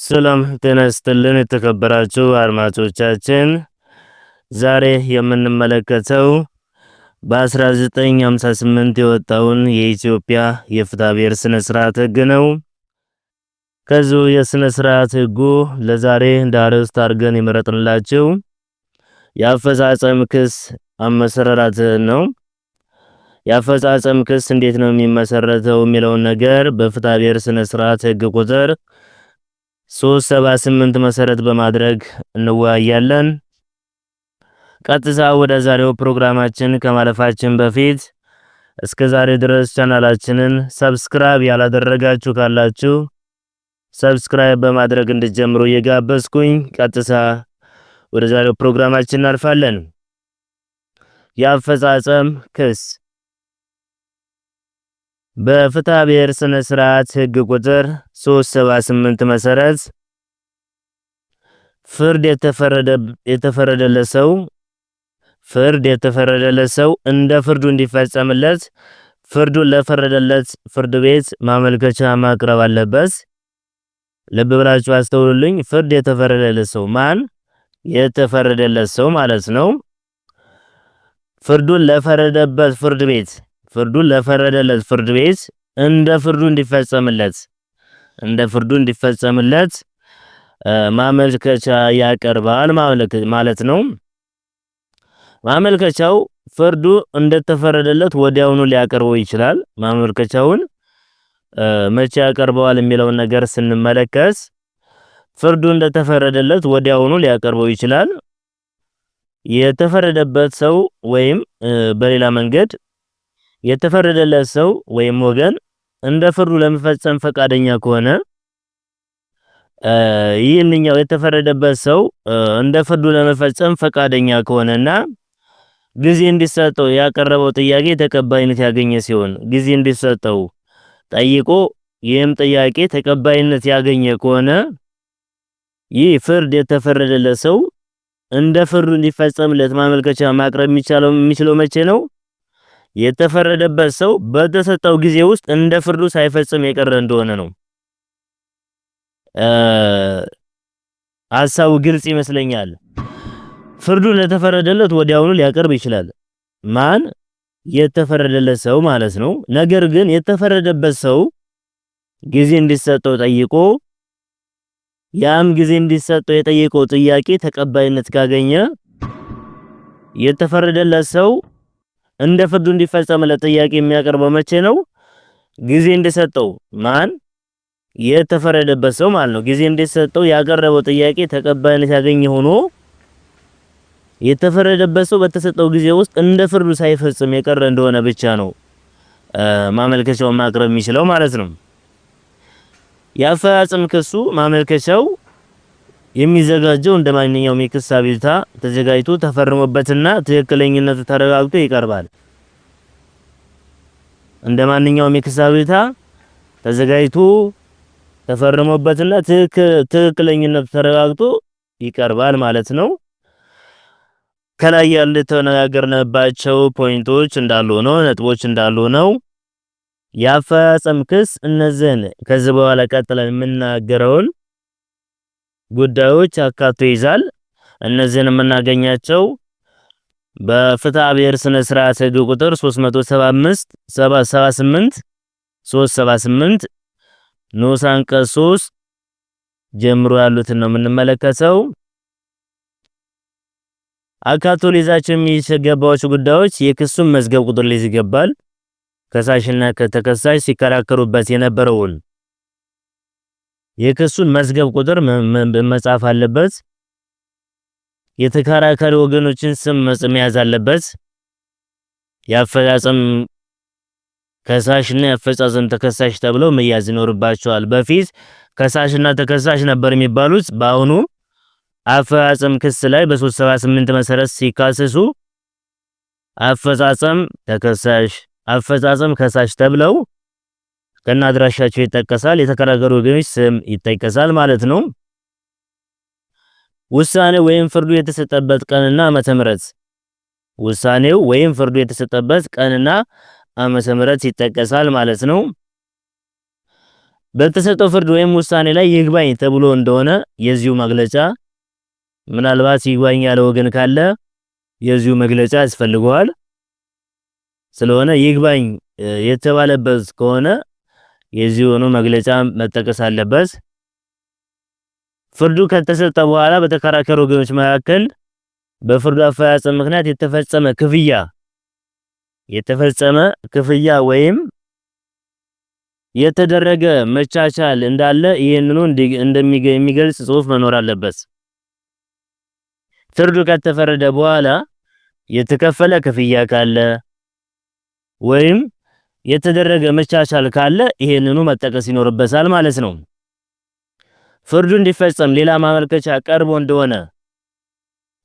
ሰላም ጤና ይስጥልን የተከበራችሁ አድማጮቻችን፣ ዛሬ የምንመለከተው በ1958 የወጣውን የኢትዮጵያ የፍትሐብሔር ስነ ስርዓት ህግ ነው። ከዚሁ የስነ ስርዓት ህጉ ለዛሬ እንደ አርዕስት አድርገን የመረጥንላችሁ የአፈጻጸም ክስ አመሰረራት ነው። የአፈጻጸም ክስ እንዴት ነው የሚመሰረተው የሚለውን ነገር በፍትሐብሔር ስነ ስርዓት ህግ ቁጥር 378 መሰረት በማድረግ እንወያያለን። ቀጥታ ወደ ዛሬው ፕሮግራማችን ከማለፋችን በፊት እስከ ዛሬ ድረስ ቻናላችንን ሰብስክራይብ ያላደረጋችሁ ካላችሁ ሰብስክራይብ በማድረግ እንድትጀምሩ እየጋበዝኩኝ ቀጥታ ወደ ዛሬው ፕሮግራማችን እናልፋለን። የአፈጻጸም ክስ በፍትሐ ብሔር ስነ ስርዓት ህግ ቁጥር 378 መሰረት ፍርድ የተፈረደለት ሰው ፍርድ የተፈረደለት ሰው እንደ ፍርዱ እንዲፈጸምለት ፍርዱን ለፈረደለት ፍርድ ቤት ማመልከቻ ማቅረብ አለበት። ልብ ብላችሁ አስተውሉልኝ። ፍርድ የተፈረደለት ሰው ማን? የተፈረደለት ሰው ማለት ነው። ፍርዱን ለፈረደበት ፍርድ ቤት ፍርዱን ለፈረደለት ፍርድ ቤት እንደ ፍርዱ እንዲፈጸምለት እንደ ፍርዱ እንዲፈጸምለት ማመልከቻ ያቀርባል ማለት ነው። ማመልከቻው ፍርዱ እንደተፈረደለት ወዲያውኑ ሊያቀርበው ይችላል። ማመልከቻውን መቼ ያቀርበዋል የሚለውን ነገር ስንመለከት ፍርዱ እንደተፈረደለት ወዲያውኑ ሊያቀርበው ይችላል። የተፈረደበት ሰው ወይም በሌላ መንገድ የተፈረደለት ሰው ወይም ወገን እንደ ፍርዱ ለመፈጸም ፈቃደኛ ከሆነ ይህንኛው የተፈረደበት ሰው እንደ ፍርዱ ለመፈጸም ፈቃደኛ ከሆነና ጊዜ እንዲሰጠው ያቀረበው ጥያቄ ተቀባይነት ያገኘ ሲሆን ጊዜ እንዲሰጠው ጠይቆ ይህም ጥያቄ ተቀባይነት ያገኘ ከሆነ ይህ ፍርድ የተፈረደለት ሰው እንደ ፍርዱ እንዲፈጸምለት ማመልከቻ ማቅረብ የሚችለው መቼ ነው? የተፈረደበት ሰው በተሰጠው ጊዜ ውስጥ እንደ ፍርዱ ሳይፈጽም የቀረ እንደሆነ ነው። ሀሳቡ ግልጽ ይመስለኛል። ፍርዱን ለተፈረደለት ወዲያውኑ ሊያቀርብ ይችላል። ማን የተፈረደለት ሰው ማለት ነው። ነገር ግን የተፈረደበት ሰው ጊዜ እንዲሰጠው ጠይቆ ያም ጊዜ እንዲሰጠው የጠየቀው ጥያቄ ተቀባይነት ካገኘ የተፈረደለት ሰው እንደ ፍርዱ እንዲፈጸምለት ጥያቄ የሚያቀርበው መቼ ነው? ጊዜ እንደሰጠው ማን የተፈረደበት ሰው ማለት ነው። ጊዜ እንደሰጠው ያቀረበው ጥያቄ ተቀባይነት ያገኘ ሆኖ የተፈረደበት ሰው በተሰጠው ጊዜ ውስጥ እንደ ፍርዱ ሳይፈጽም የቀረ እንደሆነ ብቻ ነው ማመልከቻውን ማቅረብ የሚችለው ማለት ነው። የአፈጻጸም ክሱ ማመልከቻው የሚዘጋጀው እንደ ማንኛውም የክስ አቤቱታ ተዘጋጅቶ ተፈርሞበትና ትክክለኝነቱ ተረጋግጦ ይቀርባል። እንደ ማንኛውም የክስ አቤቱታ ተዘጋጅቶ ተፈርሞበትና ትክክለኝነቱ ተረጋግጦ ይቀርባል ማለት ነው። ከላይ ያለ የተነጋገርንባቸው ፖይንቶች እንዳሉ ነው፣ ነጥቦች እንዳሉ ነው። የአፈጻጸም ክስ እነዚህን ከዚህ በኋላ ቀጥለን የምናገረውን ጉዳዮች አካቶ ይዛል። እነዚህን የምናገኛቸው በፍትሐ ብሔር ስነ ስርዓት ህግ ቁጥር 375 778 378 ንዑስ አንቀጽ 3 ጀምሮ ያሉትን ነው የምንመለከተው። አካቶ ሊይዛቸው የሚገባቸው ጉዳዮች የክሱን መዝገብ ቁጥር ሊይዝ ይገባል። ከሳሽና ከተከሳሽ ሲከራከሩበት የነበረውን የክሱን መዝገብ ቁጥር መጻፍ አለበት። የተከራካሪ ወገኖችን ስም መያዝ አለበት። የአፈጻጸም ከሳሽና የአፈጻጸም ተከሳሽ ተብለው መያዝ ይኖርባቸዋል። በፊት ከሳሽና ተከሳሽ ነበር የሚባሉት። በአሁኑ አፈጻጸም ክስ ላይ በ378 መሰረት ሲካሰሱ አፈጻጸም ተከሳሽ፣ አፈጻጸም ከሳሽ ተብለው ከነ አድራሻቸው ይጠቀሳል። የተከራከሩ ወገኖች ስም ይጠቀሳል ማለት ነው። ውሳኔ ወይም ፍርዱ የተሰጠበት ቀንና ዓመተ ምህረት ውሳኔው ወይም ፍርዱ የተሰጠበት ቀንና ዓመተ ምህረት ይጠቀሳል ማለት ነው። በተሰጠው ፍርድ ወይም ውሳኔ ላይ ይግባኝ ተብሎ እንደሆነ የዚሁ መግለጫ ምናልባት ይግባኝ ያለ ወገን ካለ የዚሁ መግለጫ ያስፈልገዋል። ስለሆነ ይግባኝ የተባለበት ከሆነ የዚሁኑ መግለጫ መጠቀስ አለበት። ፍርዱ ከተሰጠ በኋላ በተከራከሩ ወገኖች መካከል በፍርዱ አፈጻጸም ምክንያት የተፈጸመ ክፍያ የተፈጸመ ክፍያ ወይም የተደረገ መቻቻል እንዳለ ይህንኑ እንደሚገልጽ ጽሁፍ መኖር አለበት። ፍርዱ ከተፈረደ በኋላ የተከፈለ ክፍያ ካለ ወይም የተደረገ መቻቻል ካለ ይሄንኑ መጠቀስ ይኖርበታል ማለት ነው። ፍርዱ እንዲፈጸም ሌላ ማመልከቻ ቀርቦ እንደሆነ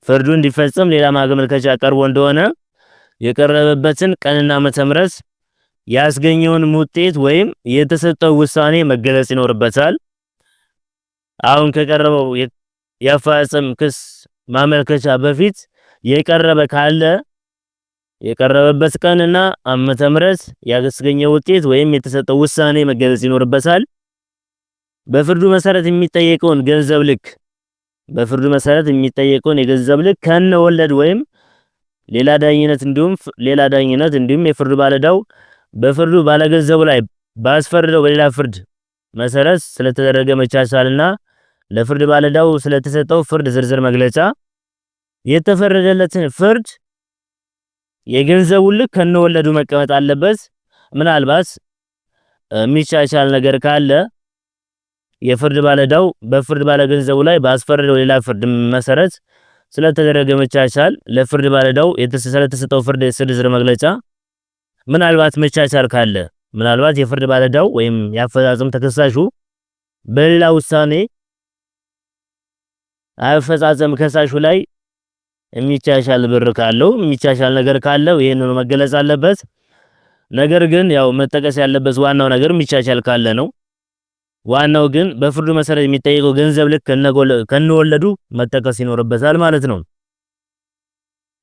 ፍርዱ እንዲፈጸም ሌላ ማመልከቻ ቀርቦ እንደሆነ የቀረበበትን ቀንና መተምረስ ያስገኘውን ውጤት ወይም የተሰጠው ውሳኔ መገለጽ ይኖርበታል። አሁን ከቀረበው የአፈጻጸም ክስ ማመልከቻ በፊት የቀረበ ካለ የቀረበበት ቀንና ዓመተ ምሕረት ያስገኘው ውጤት ወይም የተሰጠው ውሳኔ መገለጽ ይኖርበታል። በፍርዱ መሰረት የሚጠየቀውን ገንዘብ ልክ በፍርዱ መሰረት የሚጠየቀውን የገንዘብ ልክ ከነ ወለድ ወይም ሌላ ዳኝነት እንዲሁም ሌላ ዳኝነት እንዲሁም የፍርዱ ባለዳው በፍርዱ ባለገንዘቡ ላይ ባስፈርደው በሌላ ፍርድ መሰረት ስለተደረገ መቻቻልና ለፍርድ ባለዳው ስለተሰጠው ፍርድ ዝርዝር መግለጫ የተፈረደለትን ፍርድ የገንዘቡ ልክ ከነወለዱ መቀመጥ አለበት። ምናልባት የሚቻቻል ነገር ካለ የፍርድ ባለዳው በፍርድ ባለ ገንዘቡ ላይ ባስፈረደው ሌላ ፍርድ መሰረት ስለተደረገ መቻቻል ለፍርድ ባለዳው ስለተሰጠው ፍርድ ዝርዝር መግለጫ ምናልባት መቻቻል ካለ ምናልባት የፍርድ ባለዳው ወይም የአፈጻጸም ተከሳሹ በሌላ ውሳኔ አፈጻጸም ከሳሹ ላይ የሚቻሻል ብር ካለው የሚቻሻል ነገር ካለው ይህንን መገለጽ አለበት። ነገር ግን ያው መጠቀስ ያለበት ዋናው ነገር የሚቻሻል ካለ ነው። ዋናው ግን በፍርዱ መሰረት የሚጠየቀው ገንዘብ ልክ ከነወለዱ መጠቀስ ይኖርበታል ማለት ነው።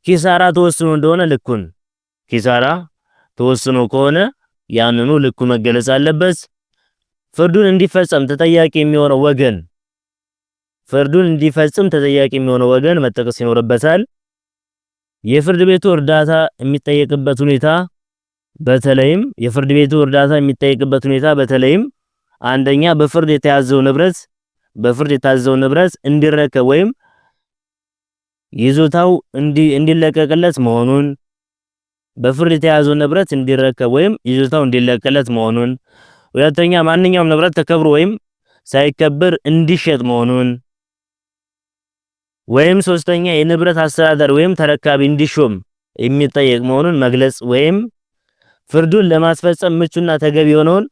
ኪሳራ ተወስኖ እንደሆነ ልኩን ኪሳራ ተወስኖ ከሆነ ያንኑ ልኩ መገለጽ አለበት። ፍርዱን እንዲፈጸም ተጠያቂ የሚሆነው ወገን ፍርዱን እንዲፈጽም ተጠያቂ የሚሆነው ወገን መጠቀስ ይኖርበታል። የፍርድ ቤቱ እርዳታ የሚጠየቅበት ሁኔታ በተለይም የፍርድ ቤቱ እርዳታ የሚጠየቅበት ሁኔታ በተለይም አንደኛ በፍርድ የተያዘው ንብረት በፍርድ የታዘው ንብረት እንዲረከብ ወይም ይዞታው እንዲለቀቅለት መሆኑን በፍርድ የተያዘው ንብረት እንዲረከብ ወይም ይዞታው እንዲለቀቅለት መሆኑን፣ ሁለተኛ ማንኛውም ንብረት ተከብሮ ወይም ሳይከበር እንዲሸጥ መሆኑን ወይም ሶስተኛ የንብረት አስተዳደር ወይም ተረካቢ እንዲሾም የሚጠየቅ መሆኑን መግለጽ ወይም ፍርዱን ለማስፈጸም ምቹና ተገቢ የሆነውን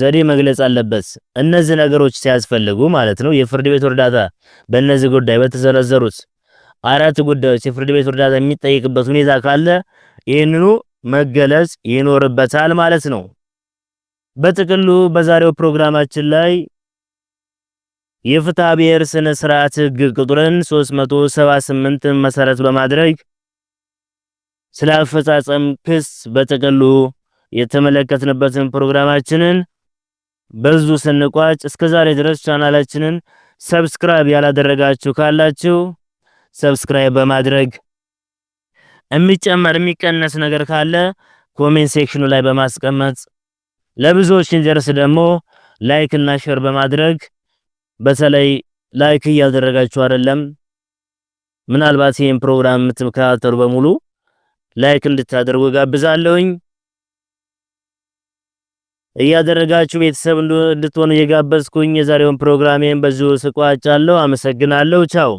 ዘዴ መግለጽ አለበት። እነዚህ ነገሮች ሲያስፈልጉ ማለት ነው። የፍርድ ቤት እርዳታ በእነዚህ ጉዳይ በተዘረዘሩት አራት ጉዳዮች የፍርድ ቤት እርዳታ የሚጠይቅበት ሁኔታ ካለ ይህንኑ መገለጽ ይኖርበታል ማለት ነው። በጥቅሉ በዛሬው ፕሮግራማችን ላይ የፍትሐ ብሔር ስነ ስርዓት ህግ ቁጥርን 378 መሰረት በማድረግ ስለ አፈጻጸም ክስ በጥቅሉ የተመለከትንበትን ፕሮግራማችንን በዙ ስንቋጭ፣ እስከዛሬ ድረስ ቻናላችንን ሰብስክራይብ ያላደረጋችሁ ካላችሁ ሰብስክራይብ በማድረግ የሚጨመር የሚቀነስ ነገር ካለ ኮሜንት ሴክሽኑ ላይ በማስቀመጥ ለብዙዎች እንዲደርስ ደግሞ ላይክ እና ሼር በማድረግ በተለይ ላይክ እያደረጋችሁ አይደለም። ምናልባት ይህን ፕሮግራም የምትከታተሉ በሙሉ ላይክ እንድታደርጉ ጋብዛለሁኝ። እያደረጋችሁ ቤተሰብ እንድትሆኑ እየጋበዝኩኝ የዛሬውን ፕሮግራሜን በዚሁ ስቋጫለሁ። አመሰግናለሁ። ቻው